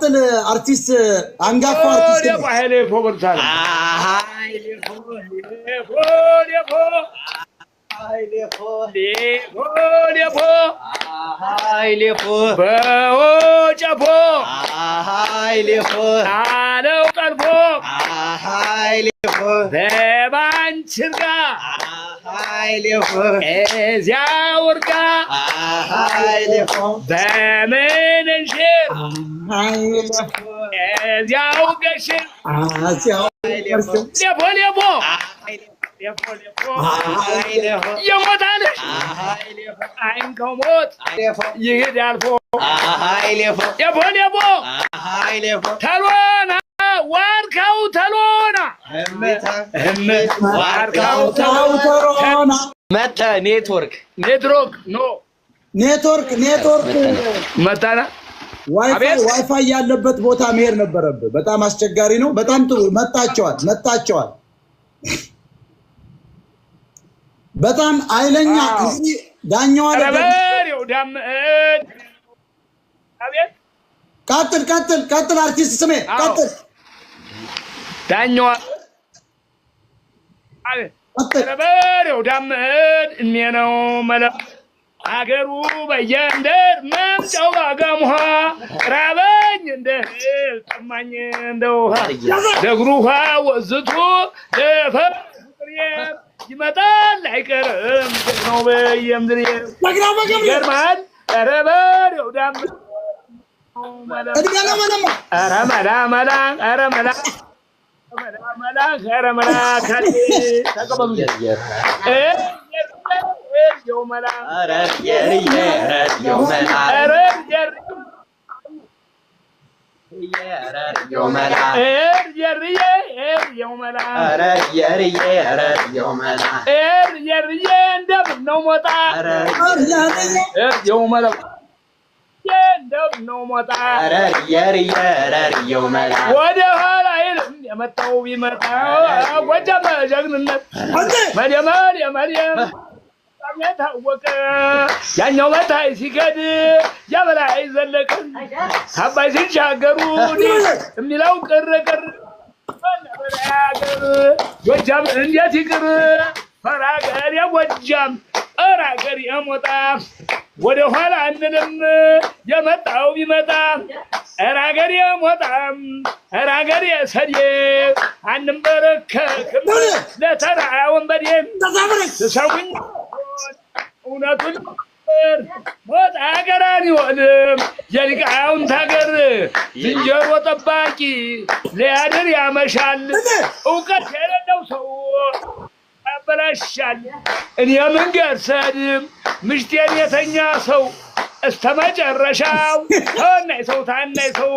ሲቀጥል አርቲስት አንጋፋ አርቲስት እዚያ ወርቃ በምን እንሽር እዚያው ገሽር ሌቦ ሌቦ የሞታልሽ አይን ከሞት ይሄድ አልፎ ሌቦ ሌቦ ተሎና ዋርካው ተሎና ዋርካው ተሎና መጣ ኔትወርክ ኔትወርክ ኖ ኔትወርክ ኔትወርክ መጣና ዋይፋይ ዋይፋይ ያለበት ቦታ መሄድ ነበረብህ። በጣም አስቸጋሪ ነው። በጣም ጥሩ መጣቸዋል፣ መጣቸዋል። በጣም ኃይለኛ እዚህ ዳኛዋ ቀጥል፣ ቀጥል፣ ቀጥል። አርቲስት ስሜ ቀጥል። ዳኛው አቤት በሬው ዳመድ እኔ ነው መላ አገሩ በየእንደር መምጫው ባጋሙሃ ራበኝ እንደ እህል ጠማኝ እንደ ውሃ ደግሩ ውሃ ወዝቶ ደፈር ይመጣል አይቀርም ነው በየምድር ይገርማል። ኧረ በሬው ዳመድ ኧረ መላ መላ ኧረ መላ मला घर म्हणा खाली सगळं बघून घे. ए, ए, घेऊ मला हरत येरी येरत योमेला अरे Jerry. येरत योमेला Er Jerry'e er yomelar. हरत येरी येरत योमेला Er Jerry'e endem no mota. हरत Er yomelar. Endem no mota. हरत येरी येरत योमेला ወደ ኋላ ይል የመጣው ቢመጣ ጎጃም ጀግንነት መደመር የመድየም የታወቀ ያኛው መታይ ሲገድ የበላይ ዘለቅን አባይ ሲሻገሩ የሚለው ቅርቅር ጎጃም እንዴት ይቅር ፈራገር የጎጃም እራገር የሞጣ ወደኋላ አንልም የመጣው ቢመጣ ራገሬ ሞጣም ራገሬ ሰዴ አንንበረከክም ለተራ ወንበዴ ስሰውኝ እውነቱን ሞጣ ሀገራን ይሆንም የሊቃውንት ሀገር ዝንጀሮ ጠባቂ ሊያድር ያመሻል። እውቀት የሌለው ሰው ያበላሻል። እኔ መንገድ ሰድም ምሽቴን የተኛ ሰው እስከ መጨረሻው ሰውና የሰው ታና የሰው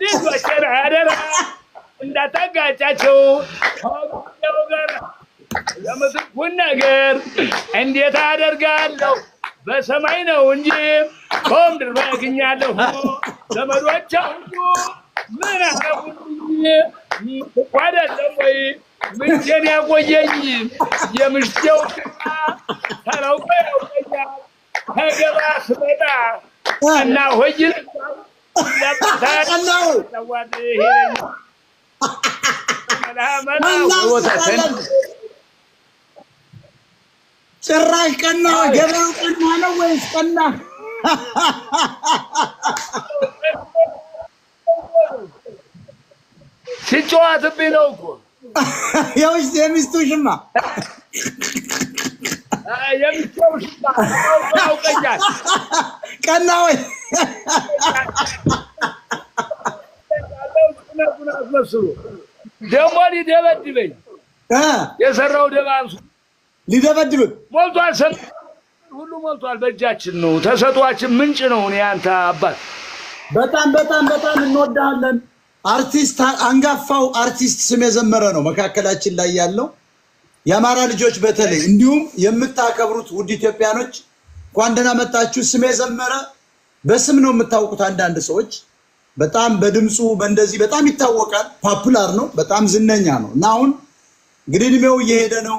ልጆችን አደራ እንዳታጋጫቸው ጋር ነገር እንዴት አደርጋለሁ? በሰማይ ነው እንጂ በምድር ባገኛለሁ። ዘመዶቻ ሁሉ ምን አረጉ? ምትኩ ወይ ምንቴን ያቆየኝ የምሽቴው ተለውጦ ያውቀኛል። ስመጣ እና ሆይል ጭራሽ ቀና ገበያው ቀና ነው ወይስ ቀና ሲጨዋትብኝ ነው እኮ የሚስቱ ሽማ የሚስቴው ሽማ አውቀኛል። ቀና ወይ አስመስሉ ደግሞ ሊደበድበኝ የሰራው ደባ ሊደበድብህ ሞልቷል። ሁሉ ሞልቷል። በእጃችን ነው ተሰጧችን ምንጭ ነው። እኔ አንተ አባት በጣም በጣም በጣም እንወዳሃለን። አርቲስት አንጋፋው አርቲስት ስም የዘመረ ነው መካከላችን ላይ ያለው የአማራ ልጆች በተለይ እንዲሁም የምታከብሩት ውድ ኢትዮጵያኖች እንኳን ደህና መጣችሁ። ስም የዘመረ በስም ነው የምታውቁት። አንዳንድ ሰዎች በጣም በድምፁ በእንደዚህ በጣም ይታወቃል። ፓፑላር ነው፣ በጣም ዝነኛ ነው እና አሁን እንግዲህ እድሜው እየሄደ ነው።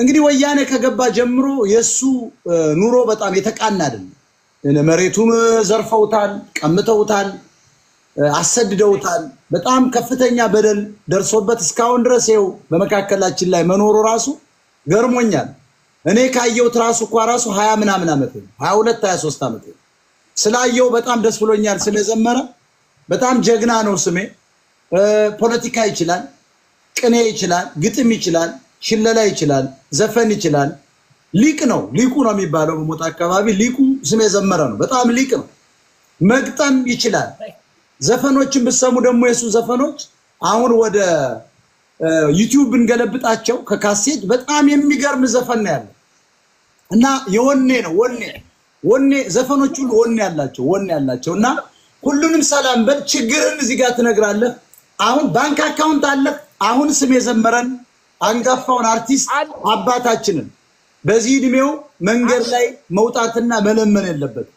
እንግዲህ ወያኔ ከገባ ጀምሮ የእሱ ኑሮ በጣም የተቃና አይደለም። መሬቱም ዘርፈውታል፣ ቀምተውታል አሰድደውታል። በጣም ከፍተኛ በደል ደርሶበት እስካሁን ድረስ ይኸው በመካከላችን ላይ መኖሩ ራሱ ገርሞኛል። እኔ ካየሁት ራሱ እኳ ራሱ ሀያ ምናምን ዓመት ሀያ ሁለት ሀያ ሶስት ዓመት ስላየው በጣም ደስ ብሎኛል። ስለዘመረ በጣም ጀግና ነው። ስሜ ፖለቲካ ይችላል፣ ቅኔ ይችላል፣ ግጥም ይችላል፣ ሽለላ ይችላል፣ ዘፈን ይችላል። ሊቅ ነው። ሊቁ ነው የሚባለው በሞት አካባቢ ሊቁ ስሜ ዘመረ ነው። በጣም ሊቅ ነው። መግጠም ይችላል ዘፈኖችን ብሰሙ ደግሞ የሱ ዘፈኖች አሁን ወደ ዩቲዩብ ብንገለብጣቸው ከካሴት በጣም የሚገርም ዘፈን ነው ያለው እና የወኔ ነው ወኔ ወኔ ዘፈኖች ሁሉ ወኔ ያላቸው ወኔ ያላቸው እና ሁሉንም ሰላም በል ችግርን እዚህ ጋር ትነግራለህ። አሁን ባንክ አካውንት አለ። አሁን ስም የዘመረን አንጋፋውን አርቲስት አባታችንን በዚህ እድሜው መንገድ ላይ መውጣትና መለመን የለበት።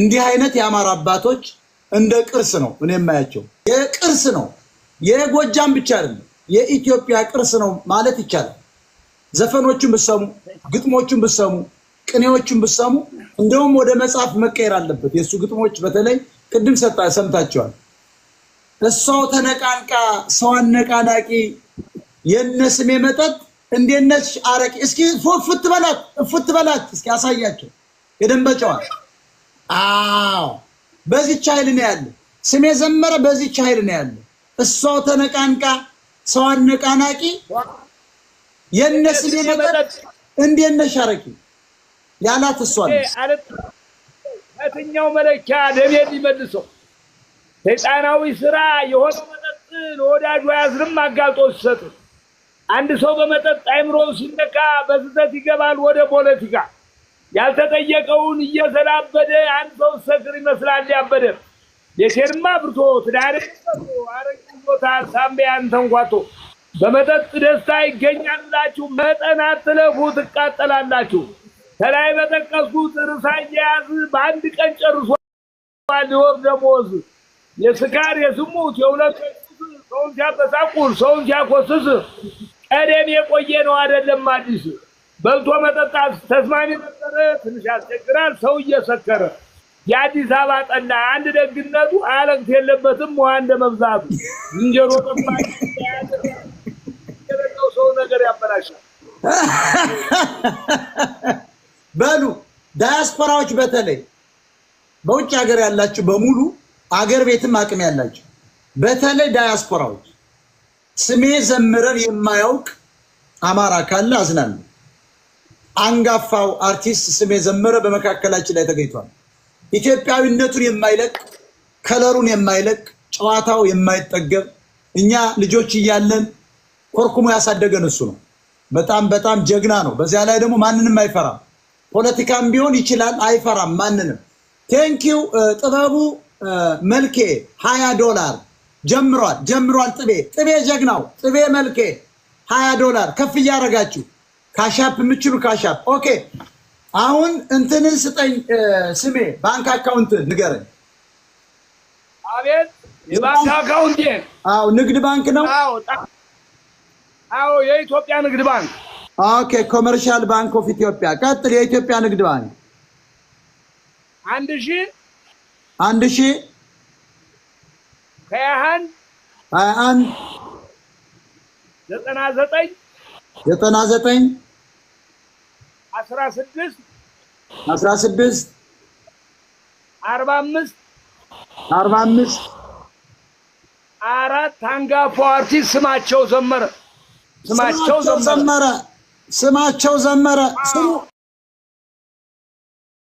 እንዲህ አይነት የአማራ አባቶች እንደ ቅርስ ነው። እኔ የማያቸው የቅርስ ነው። የጎጃም ብቻ አይደለም፣ የኢትዮጵያ ቅርስ ነው ማለት ይቻላል። ዘፈኖቹን ብሰሙ፣ ግጥሞቹን ብሰሙ፣ ቅኔዎቹን ብሰሙ፣ እንደውም ወደ መጽሐፍ መቀየር አለበት። የእሱ ግጥሞች በተለይ ቅድም ሰጣ ሰምታቸዋል። እሷው ተነቃንቃ ሰው አነቃናቂ የነ ስሜ መጠጥ እንዴት አረቂ እስኪ ፉት በላት ፉት በላት እስኪ አሳያቸው የደንበጫዋል። አዎ በዚች ኃይል ነው ያለ። ስሜ ዘመረ በዚች ኃይል ነው ያለ። እሷው ተነቃንቃ ሰው አነቃናቂ የነስ ነገር እንዴት ነሽ አረቂ ያላት እሷ የትኛው መለኪያ ደሜ ሊመልሰው ሰይጣናዊ ስራ የሆነ መጠጥ ለወዳጁ አያዝንም አጋልጦ ሲሰጥ አንድ ሰው በመጠጥ አይምሮ ሲነካ በስተት ይገባል ወደ ፖለቲካ ያልተጠየቀውን እየዘላበደ አንድ ሰው ሰክር ይመስላል ያበደ። የሴርማ ብርቶ ትዳር አረታ ሳምቢያን ተንኳቶ በመጠጥ ደስታ ይገኛላችሁ። መጠን አትለፉ፣ ትቃጠላላችሁ። ከላይ በጠቀስኩት ርዕሳ እየያዝ በአንድ ቀን ጨርሶ ሊወር ደሞዝ የስካር የዝሙት የሁለት ሰውን ሲያበሳቁር ሰውን ሲያኮስስ ቀደም የቆየ ነው አይደለም አዲስ በልቶ መጠጣት ተስማሚ ነበረ። ትንሽ ያስቸግራል። ሰው እየሰከረ የአዲስ አበባ ጠላ አንድ ደግነቱ አለቅት የለበትም። ውሃ እንደ መብዛቱ ዝንጀሮ ጠማው ሰው ነገር ያበላሻል። በሉ ዳያስፖራዎች፣ በተለይ በውጭ ሀገር ያላችሁ በሙሉ አገር ቤትም አቅም ያላችሁ በተለይ ዳያስፖራዎች ስሜ ዘምረን የማያውቅ አማራ ካለ አዝናለሁ። አንጋፋው አርቲስት ስሜ ዘመረ በመካከላችን ላይ ተገኝቷል። ኢትዮጵያዊነቱን የማይለቅ ከለሩን የማይለቅ ጨዋታው የማይጠገብ እኛ ልጆች እያለን ኮርኩሞ ያሳደገን እሱ ነው። በጣም በጣም ጀግና ነው። በዚያ ላይ ደግሞ ማንንም አይፈራም። ፖለቲካም ቢሆን ይችላል፣ አይፈራም ማንንም። ቴንኪው ጥበቡ መልኬ ሀያ ዶላር ጀምሯል ጀምሯል። ጥቤ ጥቤ ጀግናው ጥቤ መልኬ ሀያ ዶላር ከፍ እያደረጋችሁ ካሻፕ የምችሉ ካሻፕ። ኦኬ አሁን እንትንን ስጠኝ፣ ስሜ ባንክ አካውንት ንገረኝ። አቤት፣ የባንክ አካውንት? አዎ። ንግድ ባንክ ነው? አዎ፣ የኢትዮጵያ ንግድ ባንክ። ኦኬ፣ ኮመርሻል ባንክ ኦፍ ኢትዮጵያ። ቀጥል። የኢትዮጵያ ንግድ ባንክ አንድ ሺ አንድ ሺ ከያህን ሀያ አንድ ዘጠና ዘጠኝ ዘጠና ዘጠኝ አስራ ስድስት አስራ ስድስት አርባ አምስት አርባ አምስት አራት አንጋፋው አርቲስት ስማቸው ዘመረ ስማቸው ዘመረ ስማቸው ዘመረ